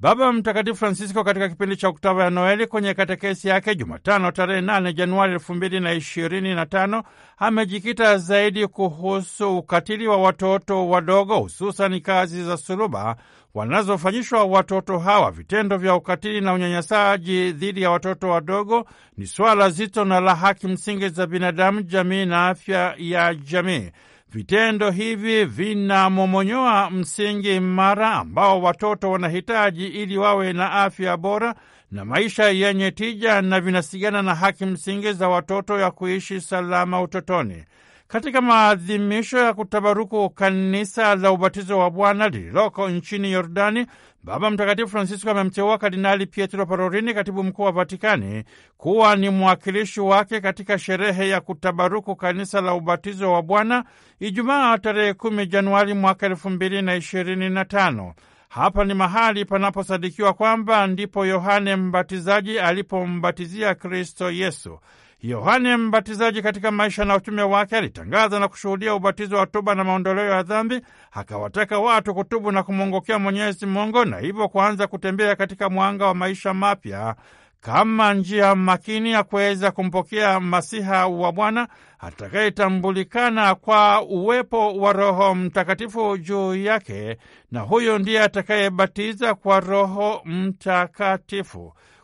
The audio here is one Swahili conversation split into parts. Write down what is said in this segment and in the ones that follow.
Baba Mtakatifu Francisco katika kipindi cha oktava ya Noeli kwenye katekesi yake Jumatano tarehe 8 Januari elfu mbili na ishirini na tano amejikita zaidi kuhusu ukatili wa watoto wadogo, hususani kazi za suluba wanazofanyishwa watoto hawa. Vitendo vya ukatili na unyanyasaji dhidi ya watoto wadogo ni swala zito na la haki msingi za binadamu, jamii na afya ya jamii. Vitendo hivi vinamomonyoa msingi imara ambao watoto wanahitaji ili wawe na afya bora na maisha yenye tija na vinasigana na haki msingi za watoto ya kuishi salama utotoni katika maadhimisho ya kutabaruku kanisa la ubatizo wa Bwana lililoko nchini Yordani, Baba Mtakatifu Francisco amemteua Kardinali Pietro parorini katibu mkuu wa Vatikani, kuwa ni mwakilishi wake katika sherehe ya kutabaruku kanisa la ubatizo wa Bwana Ijumaa tarehe 10 Januari mwaka 2025. Hapa ni mahali panaposadikiwa kwamba ndipo Yohane Mbatizaji alipombatizia Kristo Yesu. Yohane Mbatizaji katika maisha na utume wake alitangaza na kushuhudia ubatizo wa toba na maondoleo ya dhambi. Akawataka watu kutubu na kumwongokea Mwenyezi Mungu na hivyo kuanza kutembea katika mwanga wa maisha mapya kama njia makini ya kuweza kumpokea Masiha wa Bwana atakayetambulikana kwa uwepo wa Roho Mtakatifu juu yake, na huyo ndiye atakayebatiza kwa Roho Mtakatifu.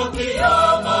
Mukiyama.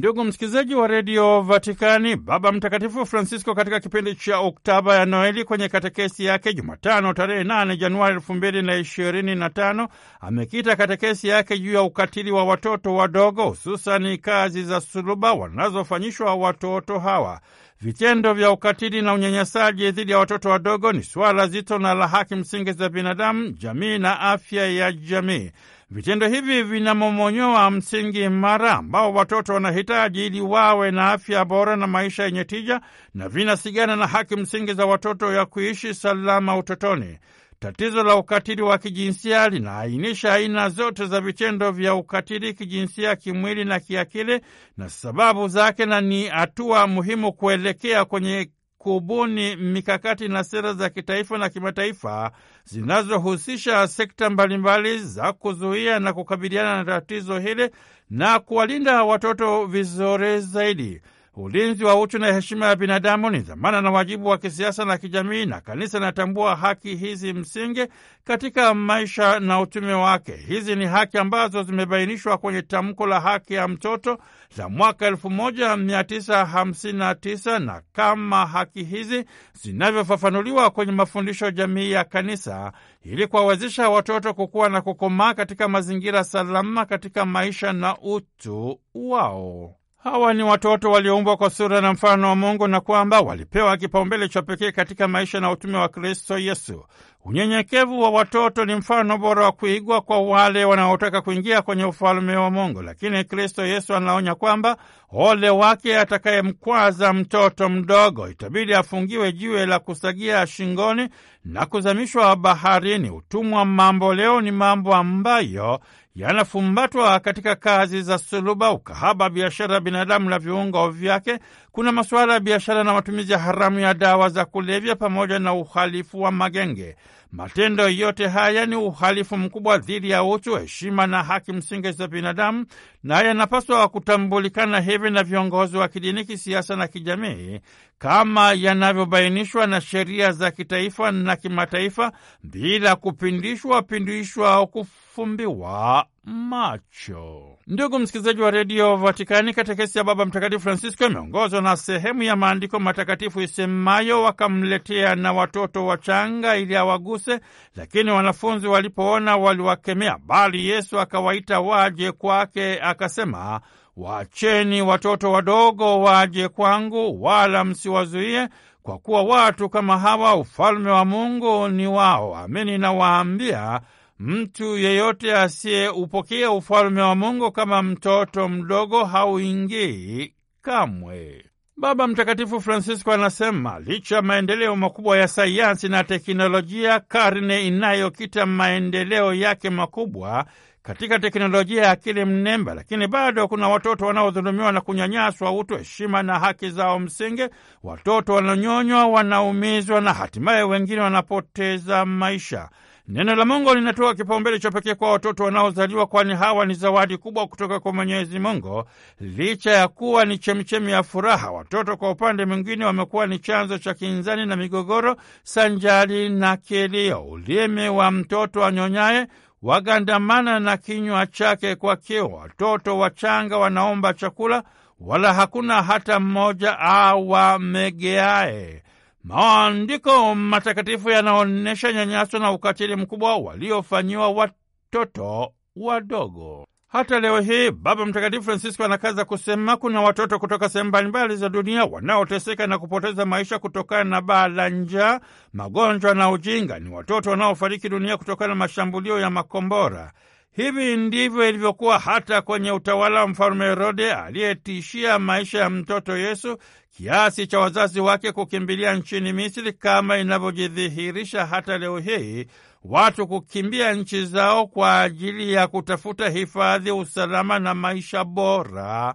Ndugu msikilizaji wa redio Vatikani, Baba Mtakatifu Francisco katika kipindi cha Oktaba ya Noeli kwenye katekesi yake Jumatano tarehe 8 Januari 2025 amekita katekesi yake juu ya ukatili wa watoto wadogo, hususani kazi za suluba wanazofanyishwa watoto hawa. Vitendo vya ukatili na unyanyasaji dhidi ya watoto wadogo ni suala zito na la haki msingi za binadamu, jamii na afya ya jamii. Vitendo hivi vinamomonyoa msingi imara ambao watoto wanahitaji ili wawe na afya bora na maisha yenye tija, na vinasigana na haki msingi za watoto ya kuishi salama utotoni. Tatizo la ukatili wa kijinsia linaainisha aina zote za vitendo vya ukatili kijinsia, kimwili na kiakili, na sababu zake, na ni hatua muhimu kuelekea kwenye kubuni mikakati na sera za kitaifa na kimataifa zinazohusisha sekta mbalimbali za kuzuia na kukabiliana na tatizo hili na kuwalinda watoto vizuri zaidi. Ulinzi wa utu na heshima ya binadamu ni dhamana na wajibu wa kisiasa na kijamii, na kanisa linatambua haki hizi msingi katika maisha na utume wake. Hizi ni haki ambazo zimebainishwa kwenye tamko la haki ya mtoto la mwaka 1959 na kama haki hizi zinavyofafanuliwa kwenye mafundisho jamii ya kanisa, ili kuwawezesha watoto kukua na kukomaa katika mazingira salama katika maisha na utu wao hawa ni watoto walioumbwa kwa sura na mfano wa Mungu na kwamba walipewa kipaumbele cha pekee katika maisha na utume wa Kristo Yesu. Unyenyekevu wa watoto ni mfano bora wa kuigwa kwa wale wanaotaka kuingia kwenye ufalme wa Mungu, lakini Kristo Yesu anaonya kwamba ole wake atakayemkwaza mtoto mdogo, itabidi afungiwe jiwe la kusagia shingoni na kuzamishwa baharini. Utumwa mambo leo ni mambo ambayo yanafumbatwa katika kazi za suluba, ukahaba, biashara ya binadamu na viungo vyake. Kuna masuala ya biashara na matumizi ya haramu ya dawa za kulevya pamoja na uhalifu wa magenge. Matendo yote haya ni uhalifu mkubwa dhidi ya utu, heshima na haki msingi za binadamu, na yanapaswa kutambulikana hivi na viongozi wa kidini, kisiasa na kijamii kama yanavyobainishwa na sheria za kitaifa na kimataifa, bila kupindishwa pindishwa au kufumbiwa macho. Ndugu msikilizaji wa redio Vatikani, katekesi ya Baba Mtakatifu Francisco imeongozwa na sehemu ya maandiko matakatifu isemayo, wakamletea na watoto wachanga ili awaguse, lakini wanafunzi walipoona waliwakemea, bali Yesu akawaita waje kwake, akasema, wacheni watoto wadogo waje kwangu, wala msiwazuie kwa kuwa watu kama hawa ufalme wa Mungu ni wao. Amini nawaambia Mtu yeyote asiyeupokea ufalme wa Mungu kama mtoto mdogo hauingii kamwe. Baba Mtakatifu Francisco anasema licha ya maendeleo makubwa ya sayansi na teknolojia, karne inayokita maendeleo yake makubwa katika teknolojia ya akili mnemba, lakini bado kuna watoto wanaodhulumiwa na kunyanyaswa utu, heshima na haki zao msingi. Watoto wananyonywa, wanaumizwa na hatimaye wengine wanapoteza maisha. Neno la Mungu linatoa kipaumbele cha pekee kwa watoto wanaozaliwa, kwani hawa ni zawadi kubwa kutoka kwa Mwenyezi Mungu. Licha ya kuwa ni chemchemi ya furaha, watoto kwa upande mwingine wamekuwa ni chanzo cha kinzani na migogoro, sanjari na kilio. Ulimi wa mtoto anyonyaye wagandamana na kinywa chake kwa kiu. Watoto wachanga wanaomba chakula, wala hakuna hata mmoja awamegeaye. Maandiko matakatifu yanaonyesha nyanyaso na ukatili mkubwa waliofanyiwa watoto wadogo. Hata leo hii Baba Mtakatifu Francisco anakaza kusema kuna watoto kutoka sehemu mbalimbali za dunia wanaoteseka na kupoteza maisha kutokana na baa la njaa, magonjwa na ujinga. Ni watoto wanaofariki dunia kutokana na mashambulio ya makombora. Hivi ndivyo ilivyokuwa hata kwenye utawala wa mfalme Herode aliyetishia maisha ya mtoto Yesu kiasi cha wazazi wake kukimbilia nchini Misri, kama inavyojidhihirisha hata leo hii watu kukimbia nchi zao kwa ajili ya kutafuta hifadhi, usalama na maisha bora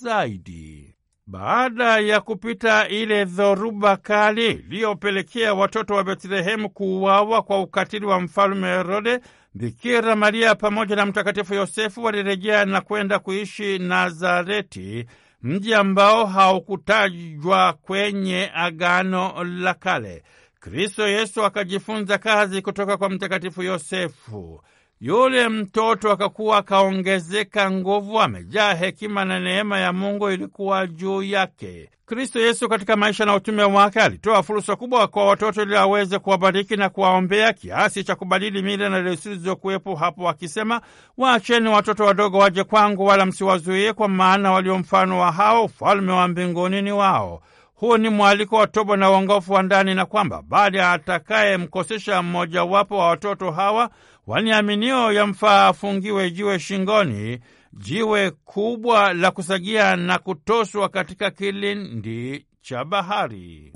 zaidi. Baada ya kupita ile dhoruba kali iliyopelekea watoto wa Betlehemu kuuawa kwa ukatili wa mfalme Herode, Bikira Maria pamoja na Mtakatifu Yosefu walirejea na kwenda kuishi Nazareti, mji ambao haukutajwa kwenye Agano la Kale. Kristo Yesu akajifunza kazi kutoka kwa Mtakatifu Yosefu. Yule mtoto akakuwa akaongezeka nguvu, amejaa hekima na neema ya Mungu ilikuwa juu yake. Kristo Yesu katika maisha na utume wake alitoa fursa kubwa kwa watoto ili aweze kuwabariki na kuwaombea kiasi cha kubadili mila na desturi zilizokuwepo hapo, akisema, waacheni watoto wadogo waje kwangu, wala msiwazuie, kwa maana walio mfano wa hao, ufalme wa mbinguni ni wao. Huu ni mwaliko wa toba na uongofu wa ndani, na kwamba baada ya atakayemkosesha mmojawapo wa watoto hawa waniaminio yamfaa afungiwe jiwe shingoni, jiwe kubwa la kusagia na kutoswa katika kilindi cha bahari.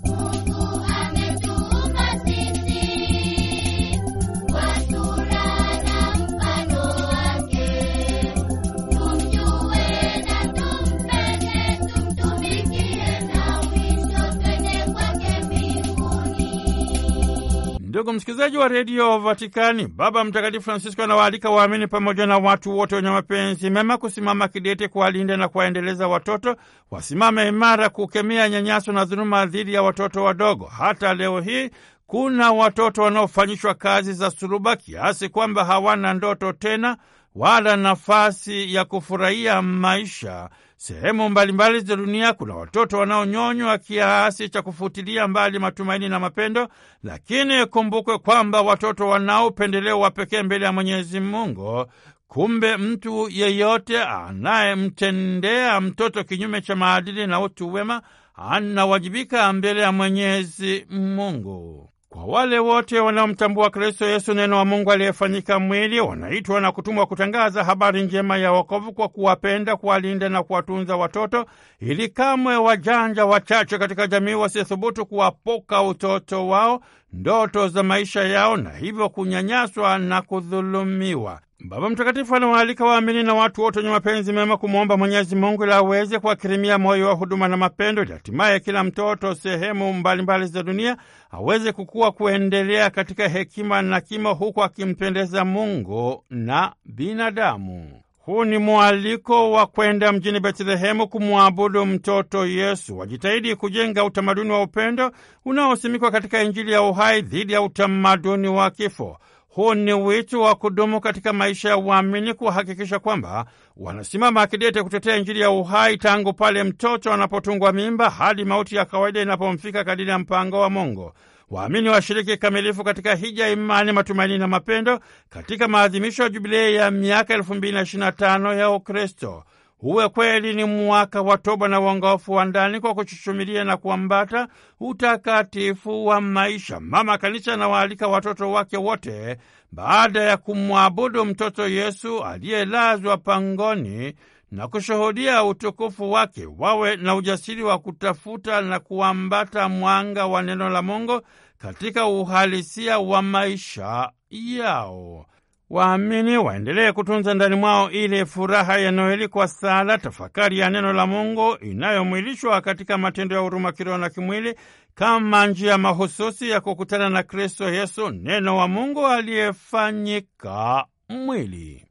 Ndugu msikilizaji wa redio Vatikani, Baba Mtakatifu Francisco anawaalika waamini pamoja na watu wote wenye mapenzi mema kusimama kidete kuwalinda na kuwaendeleza watoto, wasimame imara kukemea nyanyaso na dhuluma dhidi ya watoto wadogo. Hata leo hii kuna watoto wanaofanyishwa kazi za suluba kiasi kwamba hawana ndoto tena wala nafasi ya kufurahia maisha Sehemu mbalimbali za dunia kuna watoto wanaonyonywa kiasi cha kufutilia mbali matumaini na mapendo, lakini kumbukwe kwamba watoto wana upendeleo wa pekee mbele ya Mwenyezi Mungu. Kumbe mtu yeyote anayemtendea mtoto kinyume cha maadili na utu wema anawajibika mbele ya Mwenyezi Mungu. Kwa wale wote wanaomtambua Kristo Yesu, neno wa Mungu aliyefanyika mwili, wanaitwa na kutumwa kutangaza habari njema ya wokovu kwa kuwapenda, kuwalinda na kuwatunza watoto, ili kamwe wajanja wachache katika jamii wasithubutu kuwapoka utoto wao, ndoto za maisha yao, na hivyo kunyanyaswa na kudhulumiwa. Baba Mtakatifu anawaalika waamini na watu wote wenye mapenzi mema kumwomba Mwenyezi Mungu ili aweze kuwakirimia moyo wa huduma na mapendo, ili hatimaye kila mtoto sehemu mbalimbali za dunia aweze kukua, kuendelea katika hekima na kimo, huku akimpendeza Mungu na binadamu. Huu ni mwaliko wa kwenda mjini Betlehemu kumwabudu mtoto Yesu. Wajitahidi kujenga utamaduni wa upendo unaosimikwa katika Injili ya uhai dhidi ya utamaduni wa kifo. Huu ni wito wa kudumu katika maisha ya waamini kuhakikisha kwamba wanasimama kidete kutetea Injili ya uhai tangu pale mtoto anapotungwa mimba hadi mauti ya kawaida inapomfika kadiri ya mpango wa Mungu. Waamini washiriki kamilifu katika hija, imani, matumaini na mapendo katika maadhimisho ya jubilei ya miaka 2025 ya Ukristo uwe kweli ni mwaka wa toba na uongofu wa ndani kwa kuchuchumilia na kuambata utakatifu wa maisha. Mama Kanisa anawaalika watoto wake wote, baada ya kumwabudu mtoto Yesu aliyelazwa pangoni na kushuhudia utukufu wake, wawe na ujasiri wa kutafuta na kuambata mwanga wa neno la Mungu katika uhalisia wa maisha yao waamini waendelee kutunza ndani mwao ile furaha ya Noeli kwa sala, tafakari ya neno la Mungu inayomwilishwa katika matendo ya huruma kiroho na kimwili, kama njia mahususi ya kukutana na Kristo Yesu, neno wa Mungu aliyefanyika mwili.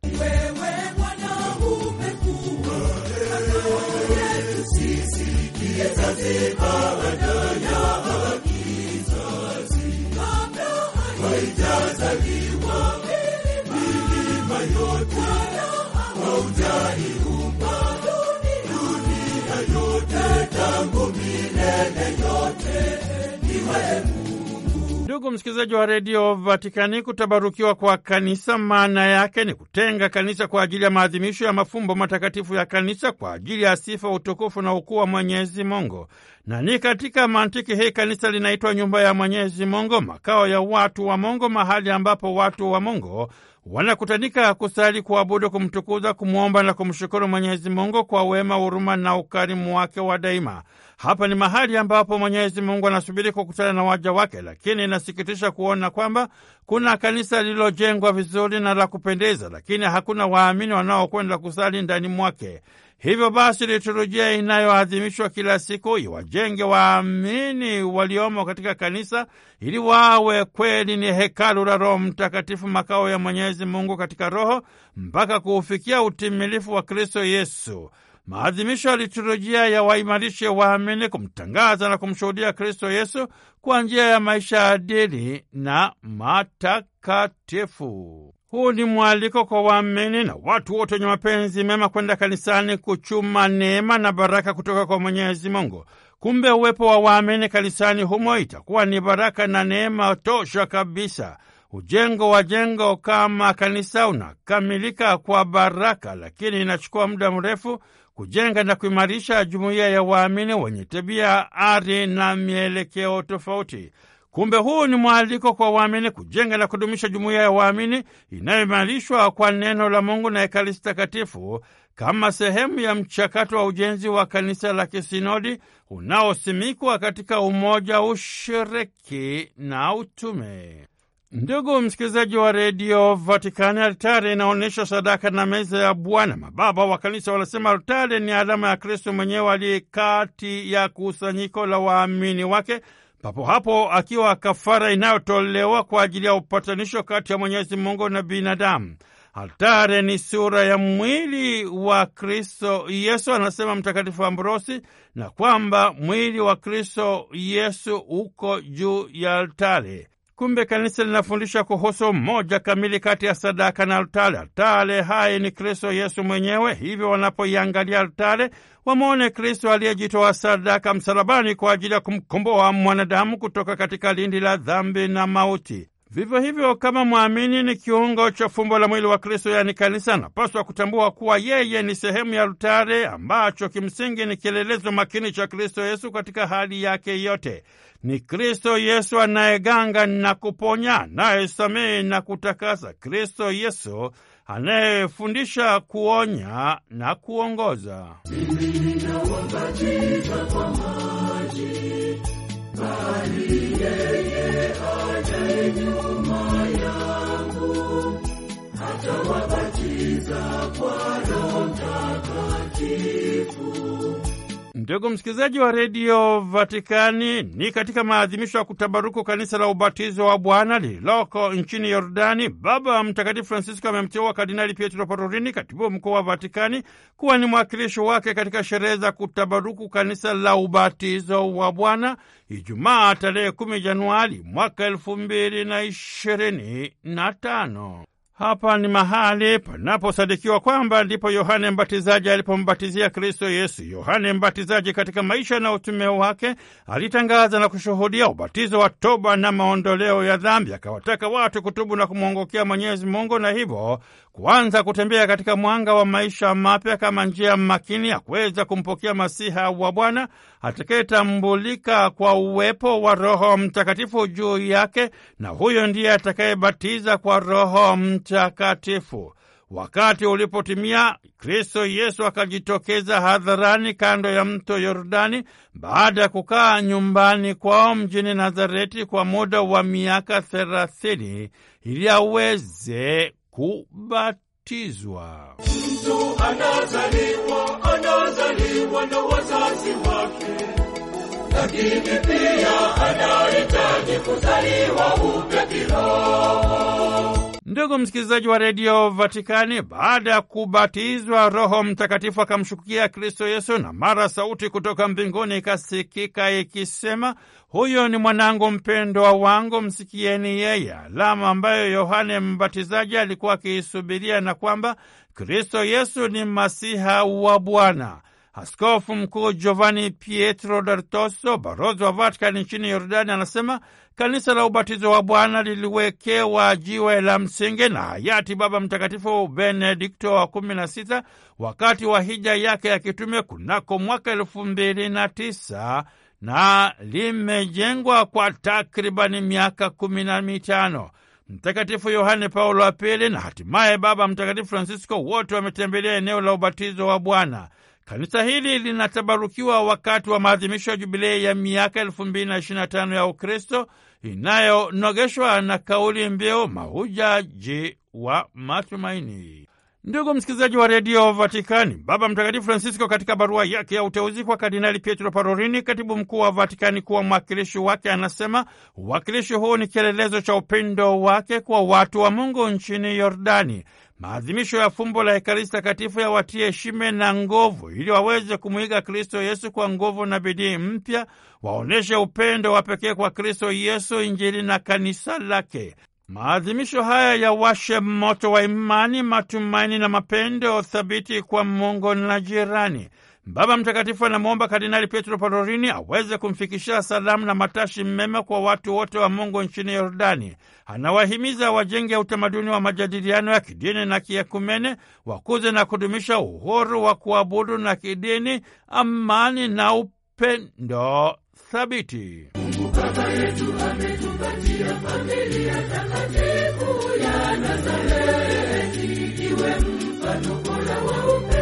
Ndugu msikilizaji wa redio Vatikani, kutabarukiwa kwa kanisa maana yake ni kutenga kanisa kwa ajili ya maadhimisho ya mafumbo matakatifu ya kanisa kwa ajili ya sifa, utukufu na ukuu wa Mwenyezi Mungu. Na ni katika mantiki hii kanisa linaitwa nyumba ya Mwenyezi Mungu, makao ya watu wa Mungu, mahali ambapo watu wa Mungu wanakutanika kusali, kuabudu, kumtukuza, kumwomba na kumshukuru Mwenyezi Mungu kwa wema, huruma na ukarimu wake wa daima. Hapa ni mahali ambapo Mwenyezi Mungu anasubiri kukutana na waja wake, lakini inasikitisha kuona kwamba kuna kanisa lililojengwa vizuri na la kupendeza, lakini hakuna waamini wanaokwenda kusali ndani mwake. Hivyo basi liturujia inayoadhimishwa kila siku iwajenge waamini waliomo katika kanisa ili wawe kweli ni hekalu la Roho Mtakatifu, makao ya Mwenyezi Mungu katika Roho, mpaka kuufikia utimilifu wa Kristo Yesu maadhimisho ya liturujia ya waimarishi waamini kumtangaza na kumshuhudia Kristo Yesu kwa njia ya maisha ya dini na matakatifu. Huu ni mwaliko kwa waamini na watu wote wenye mapenzi mema kwenda kanisani kuchuma neema na baraka kutoka kwa Mwenyezi Mungu. Kumbe uwepo wa waamini kanisani humo itakuwa ni baraka na neema tosha kabisa. Ujengo wa jengo kama kanisa unakamilika kwa baraka, lakini inachukua muda mrefu kujenga na kuimarisha jumuiya ya waamini wenye tabia, ari na mielekeo tofauti. Kumbe huu ni mwaliko kwa waamini kujenga na kudumisha jumuiya ya waamini inayoimarishwa kwa neno la Mungu na Ekaristi Takatifu kama sehemu ya mchakato wa ujenzi wa kanisa la kisinodi unaosimikwa katika umoja, ushiriki na utume. Mm-hmm. Ndugu msikilizaji wa redio Vatikani, altare inaonyesha sadaka na meza ya Bwana. Mababa wa kanisa wanasema altare ni alama ya Kristo mwenyewe aliye kati ya kusanyiko la waamini wake, papo hapo akiwa kafara inayotolewa kwa ajili ya upatanisho kati ya Mwenyezi Mungu na binadamu. Altare ni sura ya mwili wa Kristo Yesu, anasema Mtakatifu Ambrosi, na kwamba mwili wa Kristo Yesu uko juu ya altare. Kumbe kanisa linafundisha kuhusu moja kamili kati ya sadaka na altare. Altare hai ni Kristo Yesu mwenyewe, hivyo wanapoiangalia altare wamwone Kristo aliyejitoa sadaka msalabani kwa ajili ya kumkomboa mwanadamu kutoka katika lindi la dhambi na mauti. Vivyo hivyo, kama mwamini ni kiungo cha fumbo la mwili wa Kristo, yaani kanisa, anapaswa kutambua kuwa yeye ni sehemu ya altare, ambacho kimsingi ni kielelezo makini cha Kristo Yesu katika hali yake yote ni Kristo Yesu anayeganga na kuponya, anayesamehe na kutakasa, Kristo Yesu anayefundisha, kuonya na kuongoza. Mimi ninawabatiza kwa maji, bali yeye nyuma yangu kwa Roho Mtakatifu. Ndugu msikilizaji wa redio Vatikani, ni katika maadhimisho ya kutabaruku kanisa la ubatizo wa Bwana lililoko nchini Yordani, Baba Mtakatifu Francisco amemteua Kardinali Pietro Parolini, katibu mkuu wa Vatikani, kuwa ni mwakilishi wake katika sherehe za kutabaruku kanisa la ubatizo wa Bwana Ijumaa tarehe 10 Januari mwaka elfu mbili na ishirini na tano. Hapa ni mahali panaposadikiwa kwamba ndipo Yohane Mbatizaji alipombatizia Kristo Yesu. Yohane Mbatizaji katika maisha na utume wake alitangaza na kushuhudia ubatizo wa toba na maondoleo ya dhambi, akawataka watu kutubu na kumwongokea Mwenyezi Mungu na hivyo kuanza kutembea katika mwanga wa maisha mapya kama njia makini ya kuweza kumpokea Masiha wa Bwana atakayetambulika kwa uwepo wa Roho Mtakatifu juu yake, na huyo ndiye atakayebatiza kwa Roho Mtakatifu. Wakati ulipotimia, Kristo Yesu akajitokeza hadharani kando ya mto Yordani baada ya kukaa nyumbani kwao mjini Nazareti kwa muda wa miaka thelathini ili aweze kubatizwa. Mtu anazaliwa, anazaliwa na wazazi wake, lakini pia anahitaji kuzaliwa upya kiroho. Ndugu msikilizaji wa redio Vatikani, baada ya kubatizwa, Roho Mtakatifu akamshukia Kristo Yesu, na mara sauti kutoka mbinguni ikasikika ikisema, huyo ni mwanangu mpendwa wangu, msikieni yeye, alama ambayo Yohane Mbatizaji alikuwa akiisubiria na kwamba Kristo Yesu ni masiha wa Bwana. Askofu Mkuu Giovanni Pietro D'Artoso, barozi wa Vatikani nchini Yordani, anasema kanisa la ubatizo wa Bwana liliwekewa jiwe la msingi na hayati Baba Mtakatifu Benedikto wa kumi na sita wakati wa hija yake ya kitume kunako mwaka elfu mbili na tisa na limejengwa kwa takribani miaka kumi na mitano. Mtakatifu Yohane Paulo wa Pili na hatimaye Baba Mtakatifu Francisco wote wametembelea eneo la ubatizo wa Bwana. Kanisa hili linatabarukiwa wakati wa maadhimisho ya jubilei ya miaka 2025 ya Ukristo inayonogeshwa na kauli mbiu mahujaji wa matumaini. Ndugu msikilizaji wa redio Vatikani, Baba Mtakatifu Francisco katika barua yake ya uteuzi kwa Kardinali Pietro Parolini, katibu mkuu wa Vatikani, kuwa mwakilishi wake, anasema uwakilishi huu ni kielelezo cha upendo wake kwa watu wa Mungu nchini Yordani maadhimisho ya fumbo la Ekaristi Takatifu yawatie heshima na nguvu, ili waweze kumwiga Kristo Yesu kwa nguvu na bidii mpya, waonyeshe upendo wa pekee kwa Kristo Yesu, Injili na kanisa lake. Maadhimisho haya yawashe moto wa imani, matumaini na mapendo thabiti kwa Mungu na jirani. Baba Mtakatifu anamwomba Kardinali petro Parolini aweze kumfikishia salamu na matashi mema kwa watu wote wa Mungu nchini Yordani. Anawahimiza wajenge utamaduni wa majadiliano ya kidini na kiekumene, wakuze na kudumisha uhuru wa kuabudu na kidini, amani na upendo thabiti. Mungu Baba yetu ametupatia familia takatifu ya Nazareti, iwe mfano bora wa upendo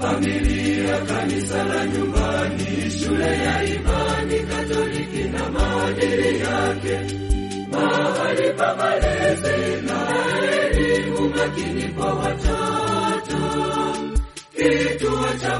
familia, kanisa la nyumbani, shule ya imani Katoliki na maadili yake, mahali pa malezi na elimu makini kwa watoto, kituo cha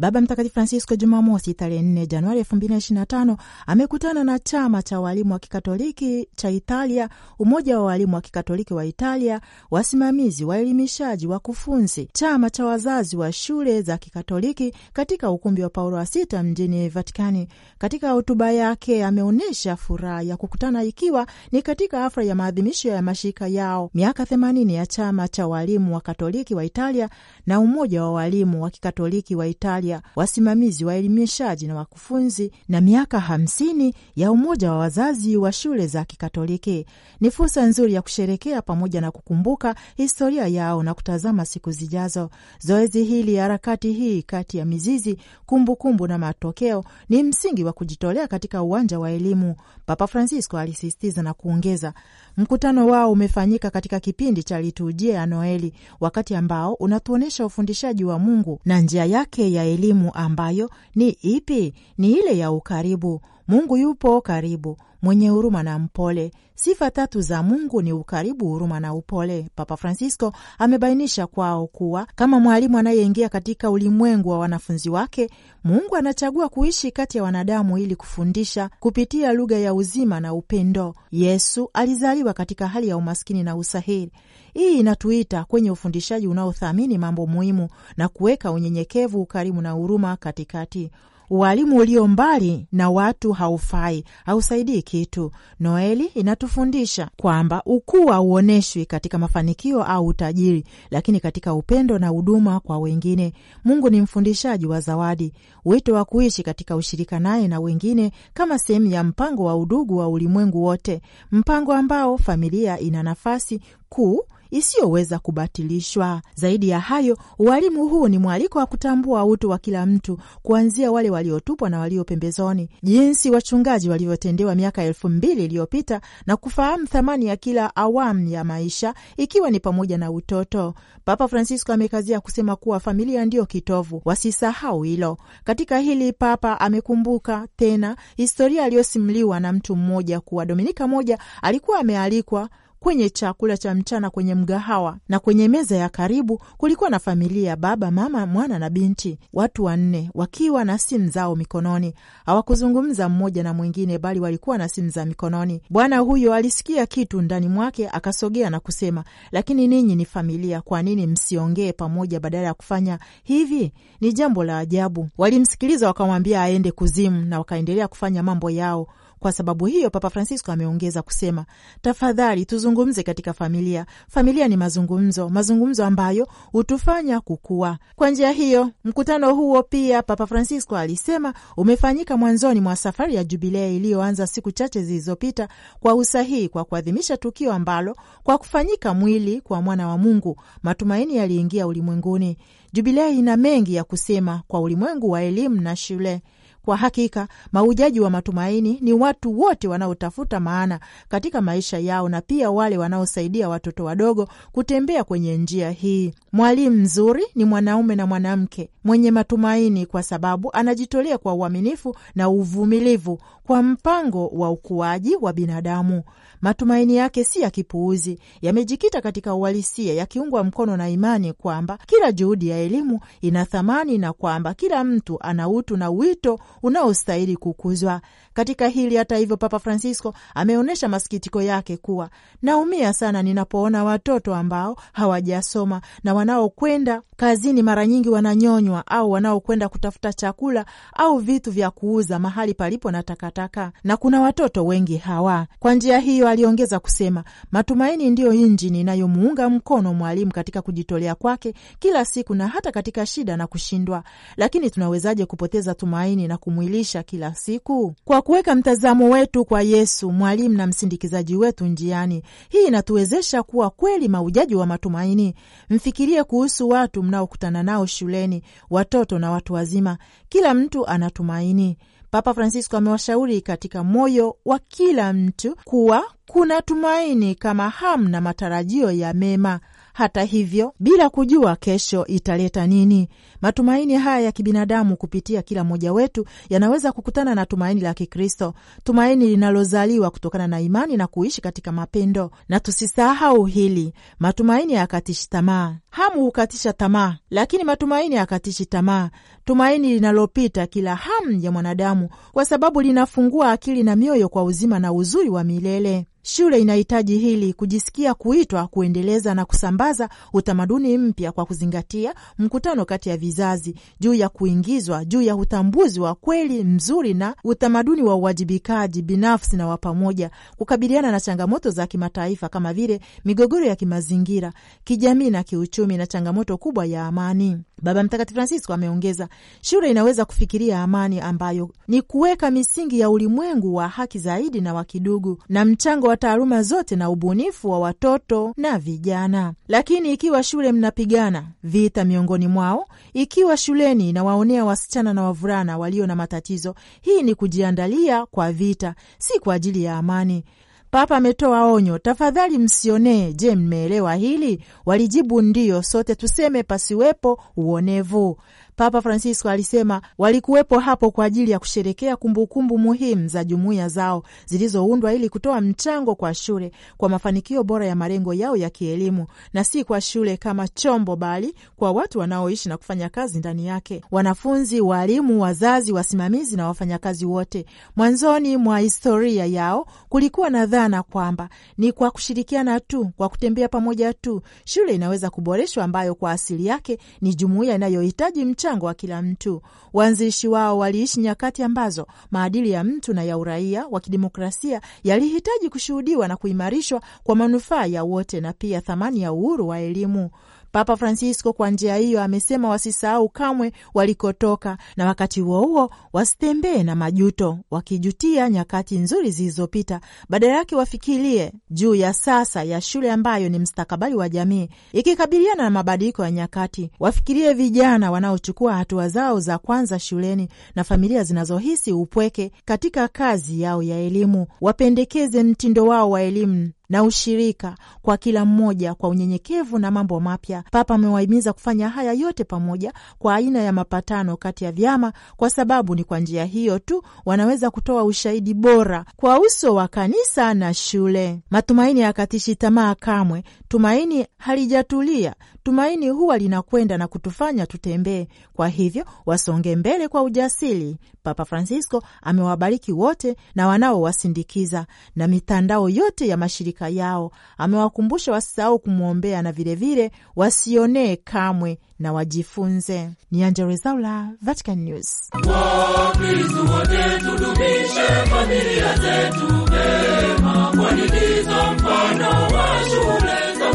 Baba Mtakatifu Francisco Jumamosi tarehe 4 Januari 2025 amekutana na chama cha walimu wa kikatoliki cha Italia, umoja wa walimu wa kikatoliki wa Italia, wasimamizi, waelimishaji, wakufunzi, chama cha wazazi wa shule za kikatoliki katika ukumbi wa Paulo wa Sita mjini Vatikani. Katika hotuba yake ameonyesha furaha ya kukutana, ikiwa ni katika hafla ya maadhimisho ya mashirika yao miaka 80 ya chama cha walimu wa katoliki wa Italia na umoja wa walimu wa kikatoliki wa Italia sheria, wasimamizi, waelimishaji na wakufunzi, na miaka hamsini ya umoja wa wazazi wa shule za Kikatoliki. Ni fursa nzuri ya kusherekea pamoja na kukumbuka historia yao na kutazama siku zijazo. Zoezi hili, harakati hii kati ya mizizi, kumbukumbu kumbu na matokeo, ni msingi wa kujitolea katika uwanja wa elimu, Papa Francisco alisisitiza na kuongeza Mkutano wao umefanyika katika kipindi cha liturujia ya Noeli, wakati ambao unatuonyesha ufundishaji wa Mungu na njia yake ya elimu, ambayo ni ipi? Ni ile ya ukaribu. Mungu yupo karibu, mwenye huruma na mpole. Sifa tatu za Mungu ni ukaribu, huruma na upole. Papa Francisco amebainisha kwao kuwa kama mwalimu anayeingia katika ulimwengu wa wanafunzi wake, Mungu anachagua kuishi kati ya wanadamu ili kufundisha kupitia lugha ya uzima na upendo. Yesu alizaliwa katika hali ya umaskini na usahiri Hii inatuita kwenye ufundishaji unaothamini mambo muhimu na kuweka unyenyekevu, ukarimu na huruma katikati. Ualimu ulio mbali na watu haufai, hausaidii kitu. Noeli inatufundisha kwamba ukuu hauonyeshwi katika mafanikio au utajiri, lakini katika upendo na huduma kwa wengine. Mungu ni mfundishaji wa zawadi. Wito wa kuishi katika ushirika naye na wengine kama sehemu ya mpango wa udugu wa ulimwengu wote, mpango ambao familia ina nafasi kuu isiyoweza kubatilishwa. Zaidi ya hayo, ualimu huu ni mwaliko wa kutambua utu wa kila mtu, kuanzia wale waliotupwa na walio pembezoni, jinsi wachungaji walivyotendewa miaka elfu mbili iliyopita na kufahamu thamani ya kila awamu ya maisha, ikiwa ni pamoja na utoto. Papa Francisco amekazia kusema kuwa familia ndiyo kitovu, wasisahau hilo. Katika hili, Papa amekumbuka tena historia aliyosimuliwa na mtu mmoja kuwa Dominika moja alikuwa amealikwa kwenye chakula cha mchana kwenye mgahawa, na kwenye meza ya karibu kulikuwa na familia ya baba, mama, mwana na binti, watu wanne wakiwa na simu zao mikononi. Hawakuzungumza mmoja na mwingine, bali walikuwa na simu za mikononi. Bwana huyo alisikia kitu ndani mwake, akasogea na kusema, lakini ninyi ni familia, kwa nini msiongee pamoja badala ya kufanya hivi? Ni jambo la ajabu. Walimsikiliza, wakamwambia aende kuzimu, na wakaendelea kufanya mambo yao. Kwa sababu hiyo, Papa Francisco ameongeza kusema, tafadhali tuzungumze katika familia. Familia ni mazungumzo, mazungumzo ambayo hutufanya kukua. Kwa njia hiyo, mkutano huo pia, Papa Francisco alisema, umefanyika mwanzoni mwa safari ya Jubilei iliyoanza siku chache zilizopita kwa usahihi, kwa kuadhimisha tukio ambalo kwa kufanyika mwili kwa mwana wa Mungu matumaini yaliingia ulimwenguni. Jubilei ina mengi ya kusema kwa ulimwengu wa elimu na shule. Kwa hakika maujaji wa matumaini ni watu wote wanaotafuta maana katika maisha yao na pia wale wanaosaidia watoto wadogo kutembea kwenye njia hii. Mwalimu mzuri ni mwanaume na mwanamke mwenye matumaini, kwa sababu anajitolea kwa uaminifu na uvumilivu kwa mpango wa ukuaji wa binadamu. Matumaini yake si ya kipuuzi, yamejikita katika uhalisia, yakiungwa mkono na imani kwamba kila juhudi ya elimu ina thamani na kwamba kila mtu ana utu na wito unaostahili kukuzwa. Katika hili, hata hivyo, Papa Francisco ameonyesha masikitiko yake kuwa, naumia sana ninapoona watoto ambao hawajasoma na wanaokwenda kazini mara nyingi wananyonywa au wanaokwenda kutafuta chakula au vitu vya kuuza mahali palipo na takataka, na kuna watoto wengi hawa. Kwa njia hiyo aliongeza kusema, matumaini ndiyo injini inayomuunga mkono mwalimu katika kujitolea kwake kila siku na hata katika shida na kushindwa. Lakini tunawezaje kupoteza tumaini na kumwilisha kila siku? Kwa kuweka mtazamo wetu kwa Yesu, mwalimu na msindikizaji wetu njiani. Hii inatuwezesha kuwa kweli maujaji wa matumaini. Mfikirie kuhusu watu mnaokutana nao shuleni, watoto na watu wazima. Kila mtu anatumaini Papa Francisco amewashauri katika moyo wa kila mtu kuwa kuna tumaini kama hamna matarajio ya mema hata hivyo, bila kujua kesho italeta nini. Matumaini haya ya kibinadamu kupitia kila mmoja wetu yanaweza kukutana na tumaini la Kikristo, tumaini linalozaliwa kutokana na imani na kuishi katika mapendo. Na tusisahau hili, matumaini hayakatishi tamaa. Hamu hukatisha tamaa, lakini matumaini hayakatishi tamaa, tumaini linalopita kila hamu ya mwanadamu, kwa sababu linafungua akili na mioyo kwa uzima na uzuri wa milele. Shule inahitaji hili kujisikia kuitwa kuendeleza na kusambaza utamaduni mpya kwa kuzingatia mkutano kati ya vizazi juu ya kuingizwa juu ya utambuzi wa kweli mzuri na utamaduni wa uwajibikaji binafsi na wa pamoja, kukabiliana na changamoto za kimataifa kama vile migogoro ya kimazingira, kijamii na kiuchumi, na changamoto kubwa ya amani. Baba Mtakatifu Francisco ameongeza, shule inaweza kufikiria amani ambayo ni kuweka misingi ya ulimwengu wa haki zaidi na wa kidugu na mchango wa taaluma zote na ubunifu wa watoto na vijana. Lakini ikiwa shule mnapigana vita miongoni mwao, ikiwa shuleni nawaonea wasichana na wavulana walio na matatizo, hii ni kujiandalia kwa vita, si kwa ajili ya amani. Papa ametoa onyo, tafadhali msionee. Je, mmeelewa hili? Walijibu ndiyo, sote tuseme pasiwepo uonevu. Papa Francisco alisema walikuwepo hapo kwa ajili ya kusherekea kumbukumbu muhimu za jumuiya zao zilizoundwa ili kutoa mchango kwa shule kwa mafanikio bora ya malengo yao ya kielimu, na si kwa shule kama chombo, bali kwa watu wanaoishi na kufanya kazi ndani yake: wanafunzi, walimu, wazazi, wasimamizi na wafanyakazi wote. Mwanzoni mwa historia yao kulikuwa na dhana kwamba ni kwa kushirikiana tu, kwa kutembea pamoja tu, shule inaweza kuboreshwa, ambayo kwa asili yake ni jumuiya inayohitaji mchango mchango wa kila mtu. Waanzishi wao waliishi nyakati ambazo maadili ya mtu na ya uraia wa kidemokrasia yalihitaji kushuhudiwa na kuimarishwa kwa manufaa ya wote na pia thamani ya uhuru wa elimu. Papa Francisco kwa njia hiyo amesema wasisahau kamwe walikotoka, na wakati huo huo wasitembee na majuto, wakijutia nyakati nzuri zilizopita, badala yake wafikirie juu ya sasa ya shule ambayo ni mstakabali wa jamii ikikabiliana na mabadiliko ya nyakati. Wafikirie vijana wanaochukua hatua zao za kwanza shuleni na familia zinazohisi upweke katika kazi yao ya elimu. Wapendekeze mtindo wao wa elimu na ushirika kwa kila mmoja kwa unyenyekevu na mambo mapya. Papa amewahimiza kufanya haya yote pamoja kwa aina ya mapatano kati ya vyama, kwa sababu ni kwa njia hiyo tu wanaweza kutoa ushahidi bora kwa uso wa kanisa na shule. Matumaini hayakatishi tamaa kamwe. Tumaini halijatulia. Tumaini huwa linakwenda na kutufanya tutembee. Kwa hivyo wasonge mbele kwa ujasiri. Papa Francisco amewabariki wote na wanaowasindikiza na mitandao yote ya mashirika mashirika yao. Amewakumbusha wasisahau kumwombea na vilevile wasionee kamwe na wajifunze. Ni Angella Rwezaula, Vatican News. Wakristu wote tudumishe familia zetu vema, kwani ndizo mfano wa shule za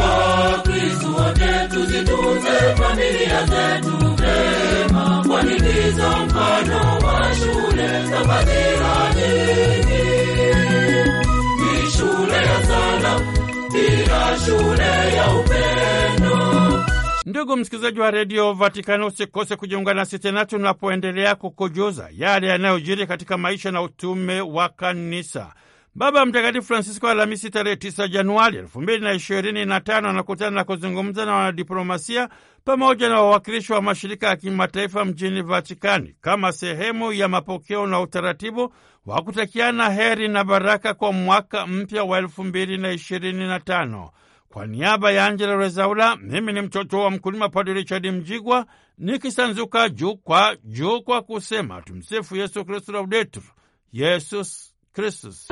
Wakristu wote tuzitunze familia zetu vema, kwani ndizo mfano Ndugu msikilizaji wa redio Vatikani, usikose kujiunga nasi tena tunapoendelea kukujuza yale yanayojiri katika maisha na utume wa kanisa. Baba Mtakatifu Francisco Alhamisi tarehe 9 Januari elfu mbili na ishirini na tano anakutana na kuzungumza na wanadiplomasia pamoja na wawakilishi wa mashirika ya kimataifa mjini Vatikani kama sehemu ya mapokeo na utaratibu wa kutakiana heri na baraka kwa mwaka mpya wa elfu mbili na ishirini na tano. Kwa niaba ya Angela Rezaula, mimi ni mtoto wa mkulima Padre Richard Mjigwa nikisanzuka juu kwa juu kwa kusema tumsifu Yesu Kristu, laudetur Yesus 크레스스